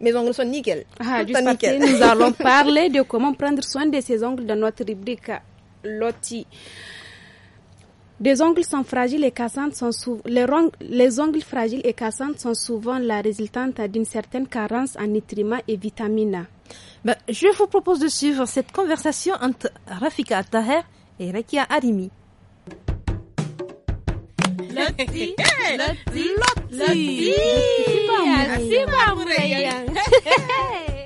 Mes ongles sont nickel. Ah, juste nickel. nous allons [LAUGHS] parler de comment prendre soin de ses ongles dans notre rubrique loti. Des ongles sont fragiles et cassantes sont souvent, les, ongles fragiles et cassantes sont souvent la résultante d'une certaine carence en nutriments et vitamines. Ben, je vous propose de suivre cette conversation entre Rafika Taher et Rekia Arimi. Lotzi. Lotzi. Lotzi. Lotzi. Lotzi. Lotzi. Lotzi.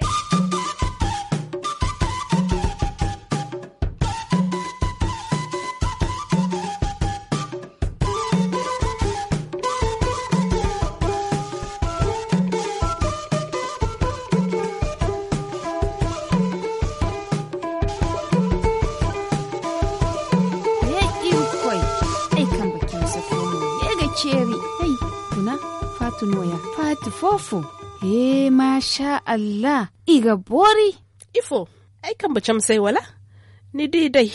fatu fati fofo e masha Allah iga bori ifo ai kan bacam sai wala ni dai dai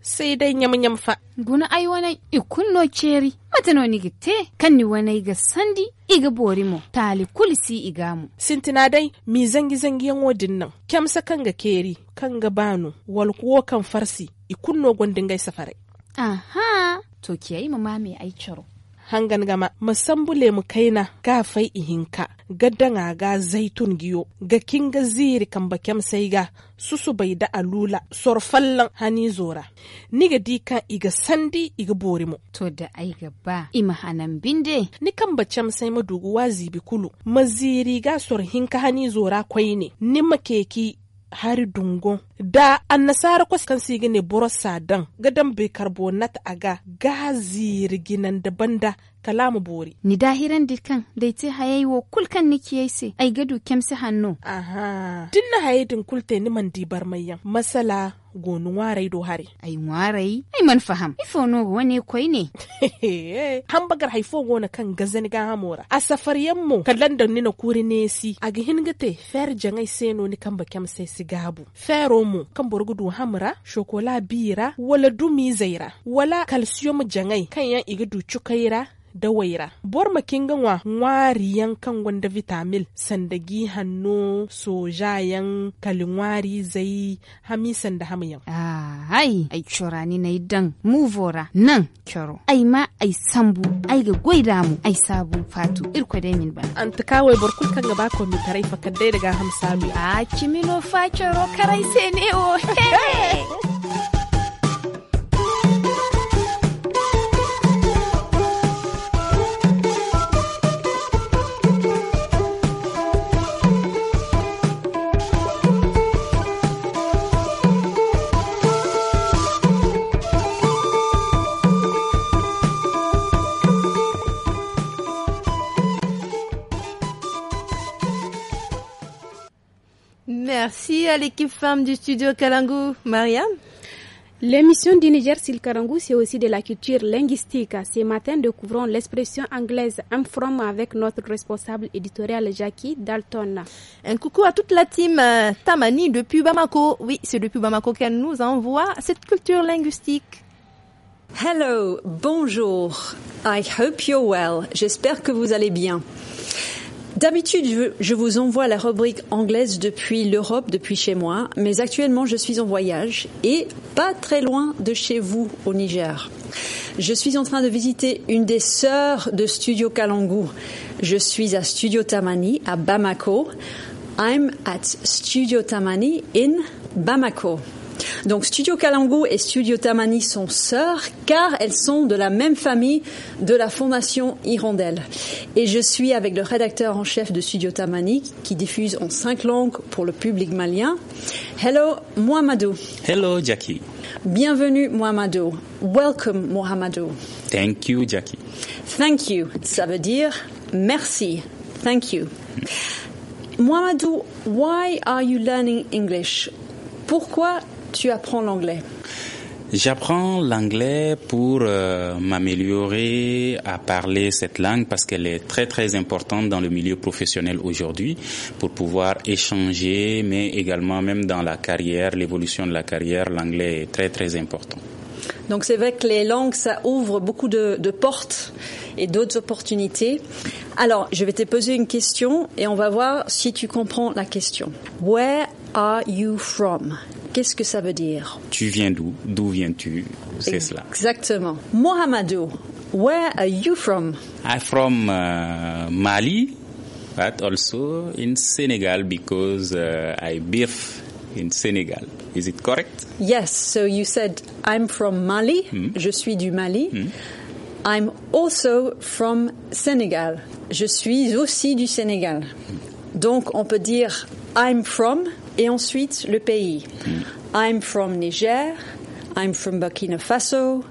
sai dai nyama nyama fa guna ai wana ikunno ceri matano ni gitte kan ni wani ga sandi iga bori mo tali kulisi iga mu sintina dai mi zangi zangi yan wadin nan kyamsa kan ga keri kan ga banu wal kuwo kan farsi ikunno gondin gaisa farai aha to kiyayi mama mai ai hangan gama masambule mu kaina ga fai ihinka ga danga ga zaitun giyo ga kinga ziri kan bakem sai ga susu bai da alula fallan hani zora ga dika iga sandi iga bori mu to da ai gaba ima hanan binde ni kan bacem sai madugu wazibi kulu maziri ga hinka hani zora kwai ne ni makeki har dungo da annasara kwas kan si ne borosa dan gadan bai karbonat aga gazi daban da banda kalamu bori ni da hiran dikan dai te hayai wo kulkan ni kiyese ai gadu kemsi hanno aha dinna hayidin kulte ni man dibar mayan masala gonu warai do hare ai warai ai man faham ifo no wani koi ne hambagar haifo gona kan gazani ga hamora a safaryan mu kallan da nina kuri nesi a gihin gate fer jangai seno ni kan bakem sai sigabu fero mu kan burgudu hamra shokola bira wala dumi zaira wala calcium jangai kan yan igidu cukaira da waira bor makin ganwa ngwari yan kan gwanda vitamil sandagi hannu sojayan kalinwari zai hami da hamiyan ah hai ai ni na idan mu nan kyoro ai ma ai sambu ai ga gwai damu, ai sabu fatu irkwa da min ba an ta kawai bor kan gaba ko mi tarai fa kaddai daga hamsa mi a kimino fa kyoro karai sai ne o [LAUGHS] à l'équipe femme du studio Kalangu. Mariam L'émission du Niger sur Karangu, c'est aussi de la culture linguistique. Ce matin, découvrons l'expression anglaise I'm from avec notre responsable éditorial Jackie Dalton. Un coucou à toute la team euh, Tamani depuis Bamako. Oui, c'est depuis Bamako qu'elle nous envoie cette culture linguistique. Hello, bonjour. I hope you're well. J'espère que vous allez bien. D'habitude, je vous envoie la rubrique anglaise depuis l'Europe, depuis chez moi, mais actuellement je suis en voyage et pas très loin de chez vous au Niger. Je suis en train de visiter une des sœurs de Studio Kalangu. Je suis à Studio Tamani à Bamako. I'm at Studio Tamani in Bamako. Donc Studio kalango et Studio Tamani sont sœurs car elles sont de la même famille de la Fondation Hirondelle. Et je suis avec le rédacteur en chef de Studio Tamani qui diffuse en cinq langues pour le public malien. Hello Mohamedou. Hello Jackie. Bienvenue Mohamedou. Welcome Mohamedou. Thank you Jackie. Thank you, ça veut dire merci. Thank you. Mohamedou, why are you learning English? Pourquoi tu apprends l'anglais J'apprends l'anglais pour euh, m'améliorer à parler cette langue parce qu'elle est très très importante dans le milieu professionnel aujourd'hui pour pouvoir échanger mais également même dans la carrière, l'évolution de la carrière, l'anglais est très très important. Donc c'est vrai que les langues, ça ouvre beaucoup de, de portes et d'autres opportunités. Alors, je vais te poser une question et on va voir si tu comprends la question. Where are you from? Qu'est-ce que ça veut dire Tu viens d'où D'où viens-tu C'est cela. Exactement. Mohamedou, where are you from I'm from euh, Mali, but also in Senegal because euh, I beef in Senegal. Is it correct? Yes. So you said I'm from Mali. Hmm. Je suis du Mali. Hmm. I'm also from Senegal. Je suis aussi du Sénégal. Hmm. Donc on peut dire I'm from et ensuite le pays. I'm from Niger, I'm from Burkina Faso,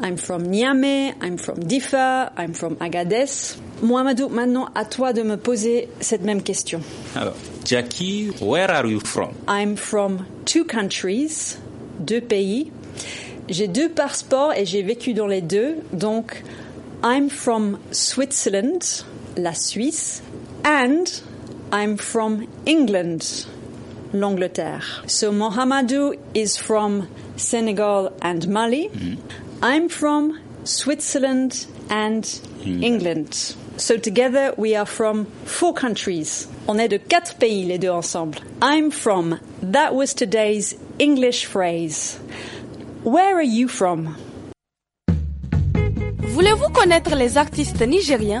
I'm from Niamey, I'm from Difa, I'm from Agadez. Mohamedou, maintenant à toi de me poser cette même question. Alors, Jackie, where are you from? I'm from two countries, deux pays. J'ai deux passeports et j'ai vécu dans les deux. Donc, I'm from Switzerland, la Suisse, and I'm from England, l'Angleterre. So Mohamedou is from Senegal and Mali. Mm-hmm. I'm from Switzerland and England. So together we are from four countries. On est de quatre pays les deux ensemble. I'm from. That was today's English phrase. Where are you from? Voulez-vous connaître les artistes nigériens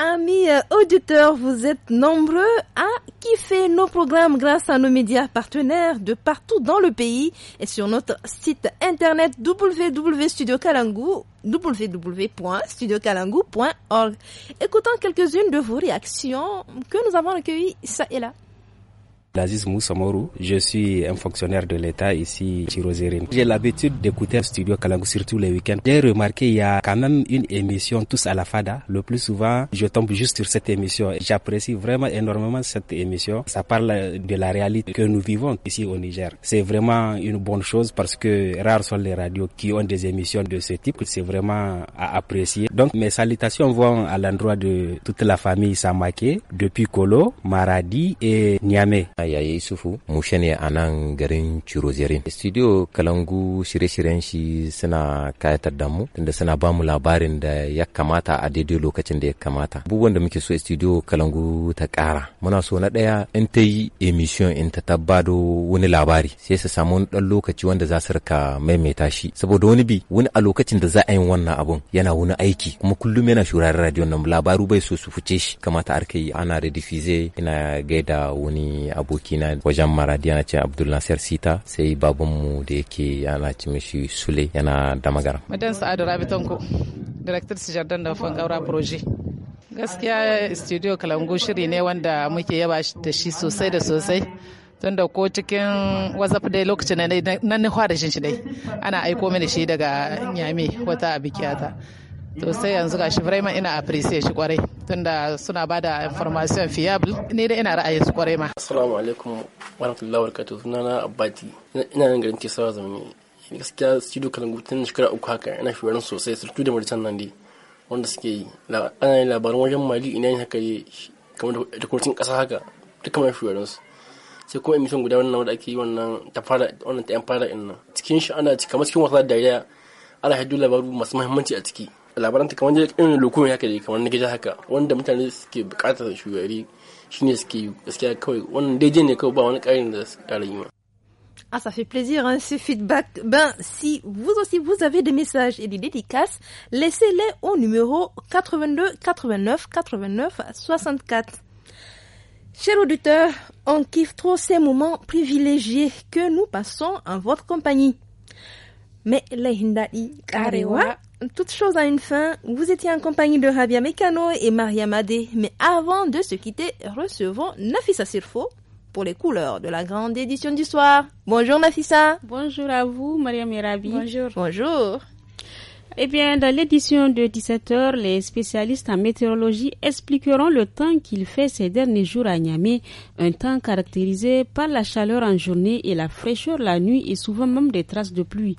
Amis euh, auditeurs, vous êtes nombreux à kiffer nos programmes grâce à nos médias partenaires de partout dans le pays et sur notre site internet wwwstudio www.studiokalangu.org. Écoutons quelques-unes de vos réactions que nous avons recueillies ça et là je suis un fonctionnaire de l'État ici, Chirozérine. J'ai l'habitude d'écouter Studio Kalangu surtout les week-ends. J'ai remarqué qu'il y a quand même une émission tous à la fada. Le plus souvent, je tombe juste sur cette émission. J'apprécie vraiment énormément cette émission. Ça parle de la réalité que nous vivons ici au Niger. C'est vraiment une bonne chose parce que rares sont les radios qui ont des émissions de ce type. C'est vraiment à apprécier. Donc mes salutations vont à l'endroit de toute la famille Samake depuis Kolo, Maradi et Niamey. yaya sufu mushe ne a nan garin Chirozerin. studio kalangu shirye-shiryen shi suna kayatar da mu tunda suna ba mu labarin da ya kamata a daidai lokacin da ya kamata abubuwan da muke so studio kalangu ta kara muna so na daya in ta yi emission in ta tabbado wani labari sai su samu wani dan lokaci wanda za su rika maimaita shi saboda wani bi wani a lokacin da za a yi wannan abun yana wani aiki kuma kullum yana shuraren radio nan labaru bai so su fice shi kamata arka yi ana redifize ina gaida wani abu abokina wajen maradi yana ce abdulnasir sita sai babanmu da yake ana ci mishi sule yana damagara magara madan sa'adu rabitanko director jardin da fangaura proje gaskiya studio kalangu shiri ne wanda muke yaba da shi sosai da sosai tunda ko cikin whatsapp dai lokacin na na fara shi dai ana aiko mini shi daga nyame wata abikiyata to sai yanzu gashi vraiment ina appreciate shi kwarai tunda suna ba da information fiable ne da ina ra'ayin su kwarai ma assalamu alaikum wa rahmatullahi wa barakatuh sunana abbati ina nan garin ke sawa zamani gaskiya studio kalangu gutun shekara uku haka ina shugaban sosai surtu da murtan nan dai wanda suke yi ana yin labaran wajen mali ina yin haka kamar da kurtin kasa haka duka mai shugaban su sai kuma emission guda wannan wanda ake yi wannan ta fara wannan ta yan fara inna cikin shi ana kamar cikin wasa da dariya ana haidu labaru masu muhimmanci a ciki Ah, ça fait plaisir, hein, ce feedback. Ben, si vous aussi vous avez des messages et des dédicaces, laissez-les au numéro 82 89 89 64. Chers auditeurs, on kiffe trop ces moments privilégiés que nous passons en votre compagnie. Mais les Hindadi Karewa toute chose a une fin, vous étiez en compagnie de Rabia Mekano et Maria Madé. Mais avant de se quitter, recevons Nafisa Sirfo pour les couleurs de la grande édition du soir. Bonjour Nafissa. Bonjour à vous, Maria Mirabi. Bonjour. Bonjour. Eh bien, dans l'édition de 17h, les spécialistes en météorologie expliqueront le temps qu'il fait ces derniers jours à Niamey, un temps caractérisé par la chaleur en journée et la fraîcheur la nuit et souvent même des traces de pluie.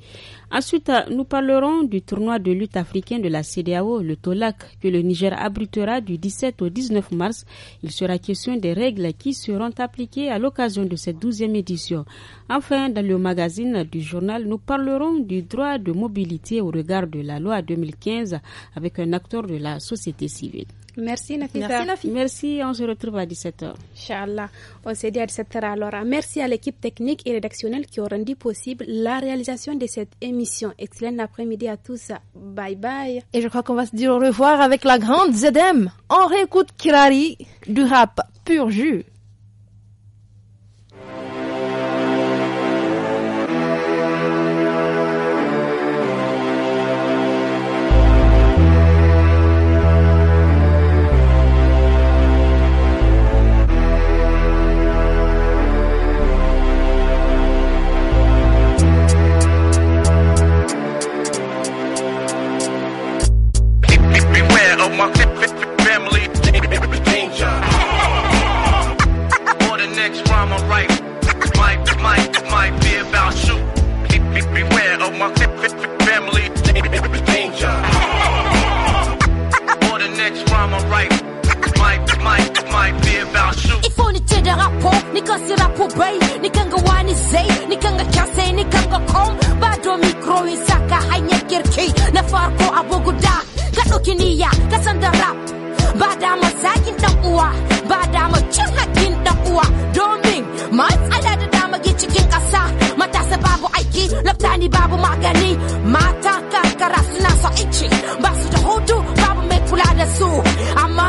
Ensuite, euh, nous parlerons du tournoi de lutte africain de la CDAO, le TOLAC, que le Niger abritera du 17 au 19 mars. Il sera question des règles qui seront appliquées à l'occasion de cette douzième édition. Enfin, dans le magazine du journal, nous parlerons du droit de mobilité au regard de la loi 2015 avec un acteur de la société civile. Merci Nafisa. Merci, on se retrouve à 17h. Inch'Allah, on se dit à 17h alors. Merci à l'équipe technique et rédactionnelle qui ont rendu possible la réalisation de cette émission. Excellent après-midi à tous. Bye bye. Et je crois qu'on va se dire au revoir avec la grande ZM. On réécoute Kirari du rap pur jus. nasira kubai nikanga wani zai nikanga chase nikanga kom bado mikro isaka hanyar kirki na farko abu guda ka ɗauki niya, ka san da rap ba dama zakin dan uwa ba dama cin hakkin dan uwa domin matsala da dama ke cikin ƙasa matasa babu aiki laftani babu magani mata karkara suna so ice ba su da hutu babu mai kula da su amma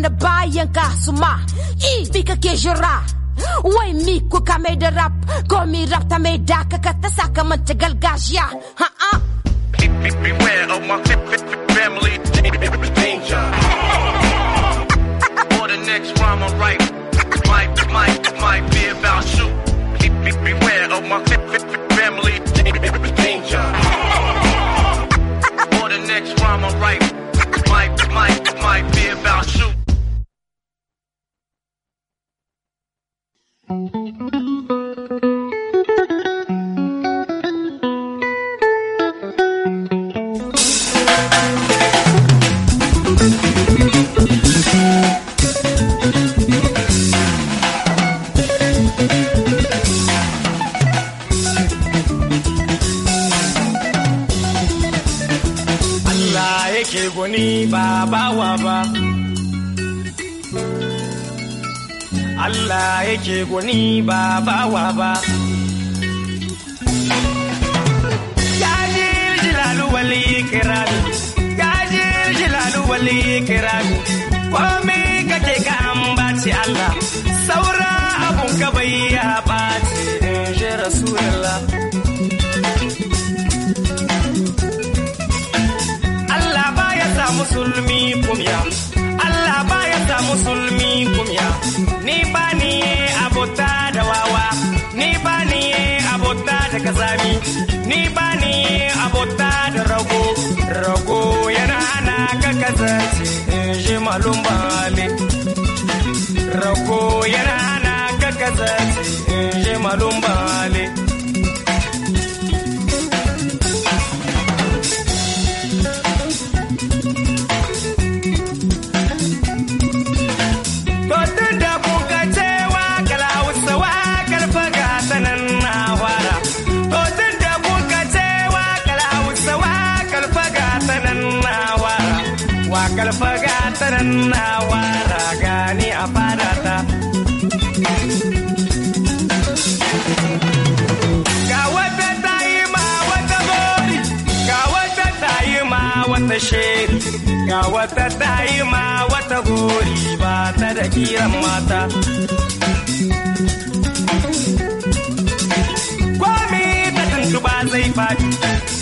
na bayan ka suma fika ke jira wai mi ku ka mai da rap ko mi rap ta me da ka ta saka manta ha ha beware of my ni kiragu ko me kake ka ambaci Allah saura abun ka bai ya ɓaci je rasulullah Allah baya ya sa musulmi kumya Allah baya ya sa musulmi kazanci in ji malum bali rako yana na ka kazanci in ji malum wata ma wata gori ba ta da kiran mata. Kwami ta tuntuba zai faɗi.